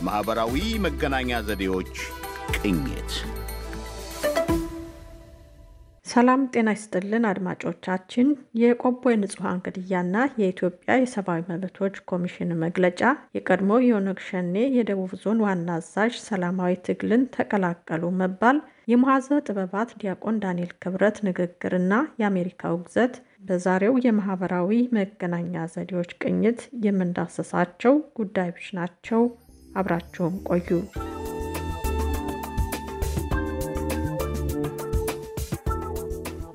የማኅበራዊ መገናኛ ዘዴዎች ቅኝት። ሰላም ጤና ይስጥልን አድማጮቻችን። የቆቦ የንጹሐን ግድያና የኢትዮጵያ የሰብአዊ መብቶች ኮሚሽን መግለጫ የቀድሞ የኦነግ ሸኔ የደቡብ ዞን ዋና አዛዥ ሰላማዊ ትግልን ተቀላቀሉ መባል የመሐዘ ጥበባት ዲያቆን ዳንኤል ክብረት ንግግርና የአሜሪካው ግዘት በዛሬው የማህበራዊ መገናኛ ዘዴዎች ቅኝት የምንዳሰሳቸው ጉዳዮች ናቸው። አብራችሁን ቆዩ።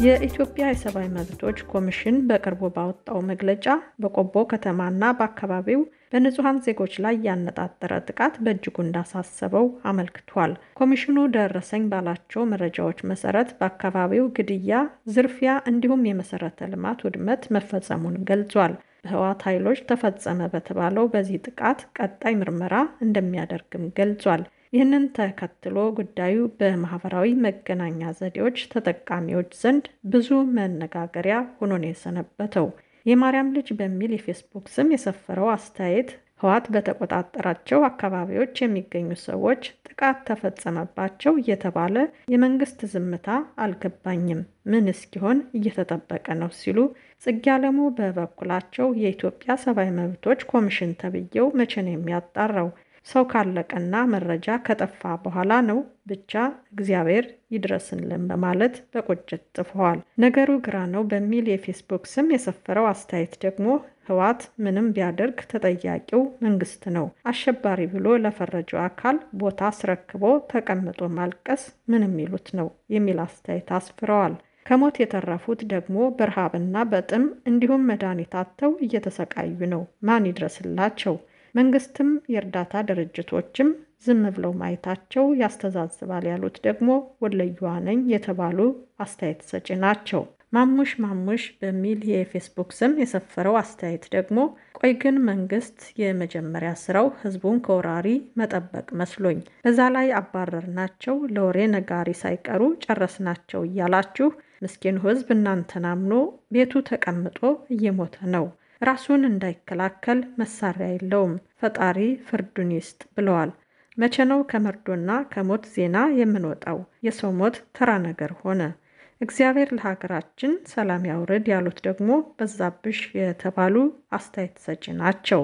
የኢትዮጵያ የሰብአዊ መብቶች ኮሚሽን በቅርቡ ባወጣው መግለጫ በቆቦ ከተማና በአካባቢው በንጹሐን ዜጎች ላይ ያነጣጠረ ጥቃት በእጅጉ እንዳሳሰበው አመልክቷል። ኮሚሽኑ ደረሰኝ ባላቸው መረጃዎች መሰረት በአካባቢው ግድያ፣ ዝርፊያ እንዲሁም የመሰረተ ልማት ውድመት መፈጸሙን ገልጿል። ህወሓት ኃይሎች ተፈጸመ በተባለው በዚህ ጥቃት ቀጣይ ምርመራ እንደሚያደርግም ገልጿል። ይህንን ተከትሎ ጉዳዩ በማህበራዊ መገናኛ ዘዴዎች ተጠቃሚዎች ዘንድ ብዙ መነጋገሪያ ሆኖ ነው የሰነበተው። የማርያም ልጅ በሚል የፌስቡክ ስም የሰፈረው አስተያየት ህወሓት በተቆጣጠራቸው አካባቢዎች የሚገኙ ሰዎች ጥቃት ተፈጸመባቸው እየተባለ የመንግስት ዝምታ አልገባኝም፣ ምን እስኪሆን እየተጠበቀ ነው ሲሉ ጽጌ አለሙ በበኩላቸው የኢትዮጵያ ሰብአዊ መብቶች ኮሚሽን ተብዬው መቼ ነው የሚያጣራው? ሰው ካለቀና መረጃ ከጠፋ በኋላ ነው። ብቻ እግዚአብሔር ይድረስልን በማለት በቁጭት ጽፈዋል። ነገሩ ግራ ነው በሚል የፌስቡክ ስም የሰፈረው አስተያየት ደግሞ ህወሓት ምንም ቢያደርግ ተጠያቂው መንግስት ነው፣ አሸባሪ ብሎ ለፈረጀው አካል ቦታ አስረክቦ ተቀምጦ ማልቀስ ምንም ይሉት ነው የሚል አስተያየት አስፍረዋል። ከሞት የተረፉት ደግሞ በረሃብና በጥም እንዲሁም መድኃኒት አጥተው እየተሰቃዩ ነው። ማን ይድረስላቸው? መንግስትም የእርዳታ ድርጅቶችም ዝም ብለው ማየታቸው ያስተዛዝባል ያሉት ደግሞ ወለየዋ ነኝ የተባሉ አስተያየት ሰጪ ናቸው። ማሙሽ ማሙሽ በሚል የፌስቡክ ስም የሰፈረው አስተያየት ደግሞ ቆይ ግን መንግስት የመጀመሪያ ስራው ህዝቡን ከወራሪ መጠበቅ መስሎኝ፣ በዛ ላይ አባረርናቸው፣ ለወሬ ነጋሪ ሳይቀሩ ጨረስናቸው እያላችሁ ምስኪኑ ህዝብ እናንተን አምኖ ቤቱ ተቀምጦ እየሞተ ነው። ራሱን እንዳይከላከል መሳሪያ የለውም። ፈጣሪ ፍርዱን ይስጥ ብለዋል። መቼ ነው ከመርዶና ከሞት ዜና የምንወጣው? የሰው ሞት ተራ ነገር ሆነ። እግዚአብሔር ለሀገራችን ሰላም ያውርድ ያሉት ደግሞ በዛብሽ የተባሉ አስተያየት ሰጪ ናቸው።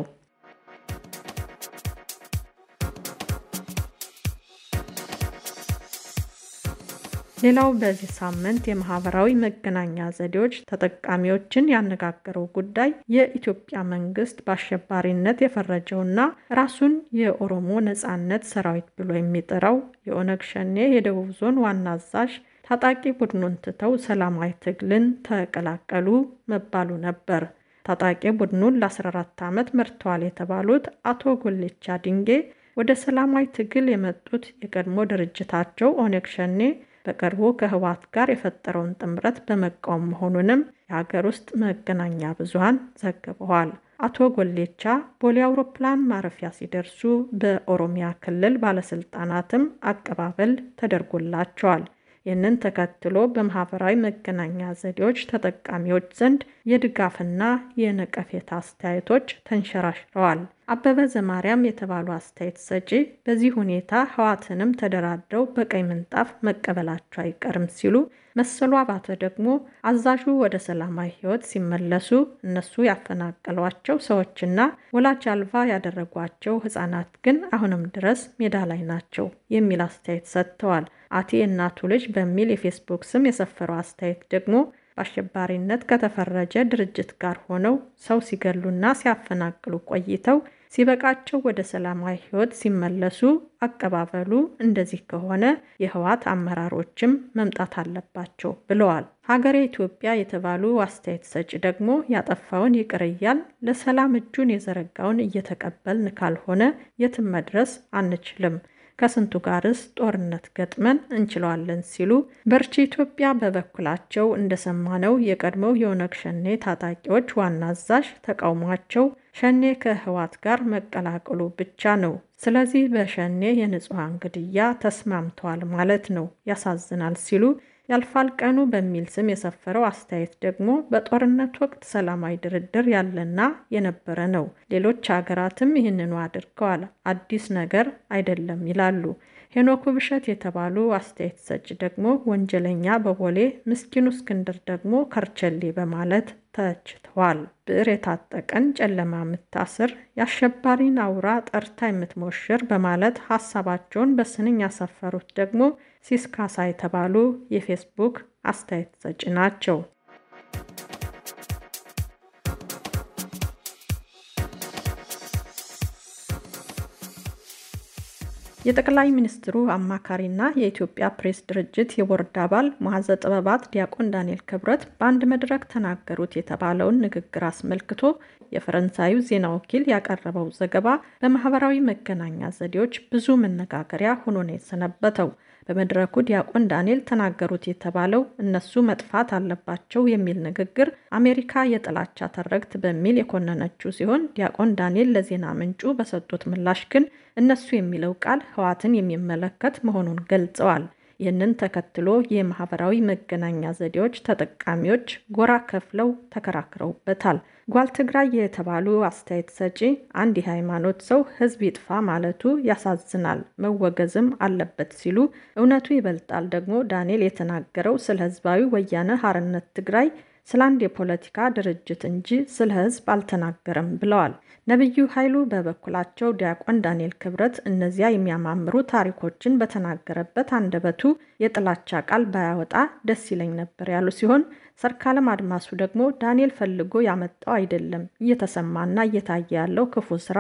ሌላው በዚህ ሳምንት የማህበራዊ መገናኛ ዘዴዎች ተጠቃሚዎችን ያነጋገረው ጉዳይ የኢትዮጵያ መንግስት በአሸባሪነት የፈረጀውና ራሱን የኦሮሞ ነጻነት ሰራዊት ብሎ የሚጠራው የኦነግ ሸኔ የደቡብ ዞን ዋና አዛዥ ታጣቂ ቡድኑን ትተው ሰላማዊ ትግልን ተቀላቀሉ መባሉ ነበር። ታጣቂ ቡድኑን ለ14 ዓመት መርተዋል የተባሉት አቶ ጎሌቻ ድንጌ ወደ ሰላማዊ ትግል የመጡት የቀድሞ ድርጅታቸው ኦነግ ሸኔ በቅርቡ ከህወሓት ጋር የፈጠረውን ጥምረት በመቃወም መሆኑንም የሀገር ውስጥ መገናኛ ብዙሃን ዘግበዋል። አቶ ጎሌቻ ቦሌ አውሮፕላን ማረፊያ ሲደርሱ በኦሮሚያ ክልል ባለስልጣናትም አቀባበል ተደርጎላቸዋል። ይህንን ተከትሎ በማህበራዊ መገናኛ ዘዴዎች ተጠቃሚዎች ዘንድ የድጋፍና የነቀፌታ አስተያየቶች ተንሸራሽረዋል። አበበ ዘማርያም የተባሉ አስተያየት ሰጪ በዚህ ሁኔታ ህዋትንም ተደራድረው በቀይ ምንጣፍ መቀበላቸው አይቀርም ሲሉ፣ መሰሉ አባተ ደግሞ አዛዡ ወደ ሰላማዊ ህይወት ሲመለሱ እነሱ ያፈናቀሏቸው ሰዎችና ወላጅ አልባ ያደረጓቸው ህጻናት ግን አሁንም ድረስ ሜዳ ላይ ናቸው የሚል አስተያየት ሰጥተዋል። አቴ እናቱ ልጅ በሚል የፌስቡክ ስም የሰፈረው አስተያየት ደግሞ በአሸባሪነት ከተፈረጀ ድርጅት ጋር ሆነው ሰው ሲገሉና ሲያፈናቅሉ ቆይተው ሲበቃቸው ወደ ሰላማዊ ሕይወት ሲመለሱ አቀባበሉ እንደዚህ ከሆነ የህወሓት አመራሮችም መምጣት አለባቸው ብለዋል። ሀገሬ ኢትዮጵያ የተባሉ አስተያየት ሰጪ ደግሞ ያጠፋውን ይቅር እያል ለሰላም እጁን የዘረጋውን እየተቀበልን ካልሆነ የትም መድረስ አንችልም ከስንቱ ጋርስ ጦርነት ገጥመን እንችለዋለን ሲሉ በርቺ ኢትዮጵያ በበኩላቸው እንደሰማነው የቀድሞው የኦነግ ሸኔ ታጣቂዎች ዋና አዛዥ ተቃውሟቸው ሸኔ ከህወሓት ጋር መቀላቀሉ ብቻ ነው። ስለዚህ በሸኔ የንጹሐን ግድያ ተስማምተዋል ማለት ነው። ያሳዝናል ሲሉ ያልፋል ቀኑ በሚል ስም የሰፈረው አስተያየት ደግሞ በጦርነት ወቅት ሰላማዊ ድርድር ያለና የነበረ ነው፣ ሌሎች ሀገራትም ይህንኑ አድርገዋል፣ አዲስ ነገር አይደለም ይላሉ። ሄኖክ ብሸት የተባሉ አስተያየት ሰጭ ደግሞ ወንጀለኛ በቦሌ ምስኪኑ እስክንድር ደግሞ ከርቸሌ በማለት ተችተዋል። ብዕር የታጠቀን ጨለማ የምታስር የአሸባሪን አውራ ጠርታ የምትሞሽር በማለት ሀሳባቸውን በስንኝ ያሰፈሩት ደግሞ ሲስካሳ የተባሉ የፌስቡክ አስተያየት ሰጭ ናቸው። የጠቅላይ ሚኒስትሩ አማካሪና የኢትዮጵያ ፕሬስ ድርጅት የቦርድ አባል መሐዘ ጥበባት ዲያቆን ዳንኤል ክብረት በአንድ መድረክ ተናገሩት የተባለውን ንግግር አስመልክቶ የፈረንሳዩ ዜና ወኪል ያቀረበው ዘገባ በማህበራዊ መገናኛ ዘዴዎች ብዙ መነጋገሪያ ሆኖ ነው የሰነበተው። በመድረኩ ዲያቆን ዳንኤል ተናገሩት የተባለው እነሱ መጥፋት አለባቸው የሚል ንግግር አሜሪካ የጥላቻ ተረግት በሚል የኮነነችው ሲሆን ዲያቆን ዳንኤል ለዜና ምንጩ በሰጡት ምላሽ ግን እነሱ የሚለው ቃል ህዋትን የሚመለከት መሆኑን ገልጸዋል። ይህንን ተከትሎ የማህበራዊ መገናኛ ዘዴዎች ተጠቃሚዎች ጎራ ከፍለው ተከራክረውበታል። ጓል ትግራይ የተባሉ አስተያየት ሰጪ አንድ የሃይማኖት ሰው ህዝብ ይጥፋ ማለቱ ያሳዝናል፣ መወገዝም አለበት ሲሉ፣ እውነቱ ይበልጣል ደግሞ ዳንኤል የተናገረው ስለ ህዝባዊ ወያነ ሀርነት ትግራይ ስለ አንድ የፖለቲካ ድርጅት እንጂ ስለ ሕዝብ አልተናገረም ብለዋል። ነቢዩ ኃይሉ በበኩላቸው ዲያቆን ዳንኤል ክብረት እነዚያ የሚያማምሩ ታሪኮችን በተናገረበት አንደበቱ የጥላቻ ቃል ባያወጣ ደስ ይለኝ ነበር ያሉ ሲሆን ሰርካለም አድማሱ ደግሞ ዳንኤል ፈልጎ ያመጣው አይደለም፣ እየተሰማና እየታየ ያለው ክፉ ስራ፣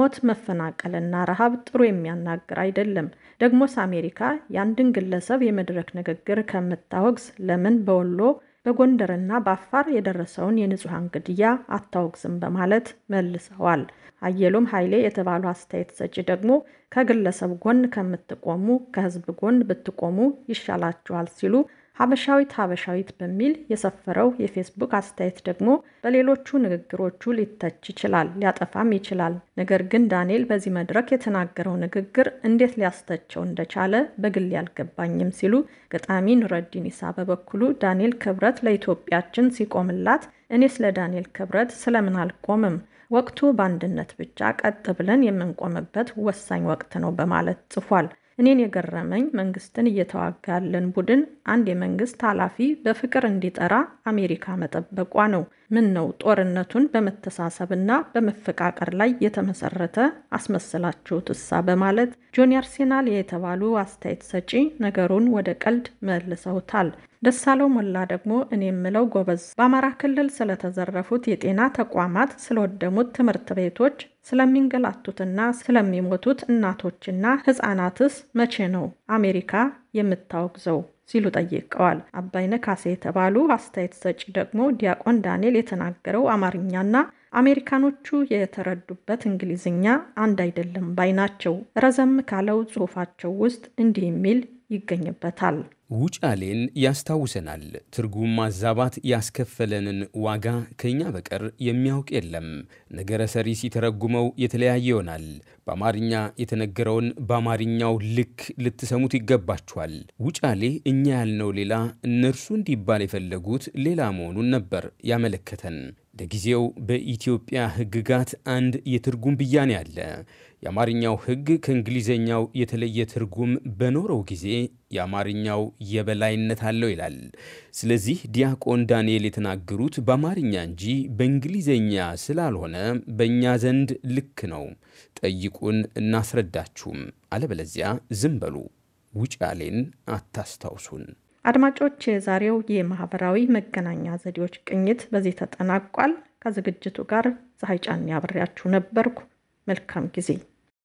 ሞት፣ መፈናቀልና ረሃብ ጥሩ የሚያናግር አይደለም። ደግሞስ አሜሪካ የአንድን ግለሰብ የመድረክ ንግግር ከምታወግዝ ለምን በወሎ በጎንደርና በአፋር የደረሰውን የንጹሐን ግድያ አታወግዝም በማለት መልሰዋል። አየሎም ኃይሌ የተባሉ አስተያየት ሰጪ ደግሞ ከግለሰብ ጎን ከምትቆሙ ከህዝብ ጎን ብትቆሙ ይሻላችኋል ሲሉ ሀበሻዊት ሀበሻዊት በሚል የሰፈረው የፌስቡክ አስተያየት ደግሞ በሌሎቹ ንግግሮቹ ሊተች ይችላል፣ ሊያጠፋም ይችላል። ነገር ግን ዳንኤል በዚህ መድረክ የተናገረው ንግግር እንዴት ሊያስተቸው እንደቻለ በግል ያልገባኝም ሲሉ ገጣሚ ኑረዲን ኢሳ በበኩሉ ዳንኤል ክብረት ለኢትዮጵያችን ሲቆምላት እኔ ስለ ዳንኤል ክብረት ስለምን አልቆምም? ወቅቱ በአንድነት ብቻ ቀጥ ብለን የምንቆምበት ወሳኝ ወቅት ነው በማለት ጽፏል። እኔን የገረመኝ መንግስትን እየተዋጋ ያለን ቡድን አንድ የመንግስት ኃላፊ በፍቅር እንዲጠራ አሜሪካ መጠበቋ ነው። ምን ነው ጦርነቱን በመተሳሰብና በመፈቃቀር ላይ የተመሰረተ አስመስላችሁ ትሳ በማለት ጆኒ አርሴናል የተባሉ አስተያየት ሰጪ ነገሩን ወደ ቀልድ መልሰውታል። ደሳለው ሞላ ደግሞ እኔ የምለው ጎበዝ፣ በአማራ ክልል ስለተዘረፉት የጤና ተቋማት፣ ስለወደሙት ትምህርት ቤቶች ስለሚንገላቱትና ስለሚሞቱት እናቶችና ህጻናትስ መቼ ነው አሜሪካ የምታወግዘው ሲሉ ጠይቀዋል። አባይነ ካሴ የተባሉ አስተያየት ሰጪ ደግሞ ዲያቆን ዳንኤል የተናገረው አማርኛና አሜሪካኖቹ የተረዱበት እንግሊዝኛ አንድ አይደለም ባይ ናቸው። ረዘም ካለው ጽሑፋቸው ውስጥ እንዲህ የሚል ይገኝበታል። ውጫሌን ያስታውሰናል። ትርጉም ማዛባት ያስከፈለንን ዋጋ ከእኛ በቀር የሚያውቅ የለም። ነገረ ሰሪ ሲተረጉመው የተለያየ ይሆናል። በአማርኛ የተነገረውን በአማርኛው ልክ ልትሰሙት ይገባችኋል። ውጫሌ እኛ ያልነው ሌላ፣ እነርሱ እንዲባል የፈለጉት ሌላ መሆኑን ነበር ያመለከተን። ለጊዜው በኢትዮጵያ ሕግጋት አንድ የትርጉም ብያኔ አለ። የአማርኛው ሕግ ከእንግሊዝኛው የተለየ ትርጉም በኖረው ጊዜ የአማርኛው የበላይነት አለው ይላል። ስለዚህ ዲያቆን ዳንኤል የተናገሩት በአማርኛ እንጂ በእንግሊዝኛ ስላልሆነ በእኛ ዘንድ ልክ ነው። ጠይቁን፣ እናስረዳችሁም። አለበለዚያ ዝም በሉ። ውጫሌን አታስታውሱን። አድማጮች፣ የዛሬው የማህበራዊ መገናኛ ዘዴዎች ቅኝት በዚህ ተጠናቋል። ከዝግጅቱ ጋር ፀሐይ ጫን ያብሬያችሁ ነበርኩ። መልካም ጊዜ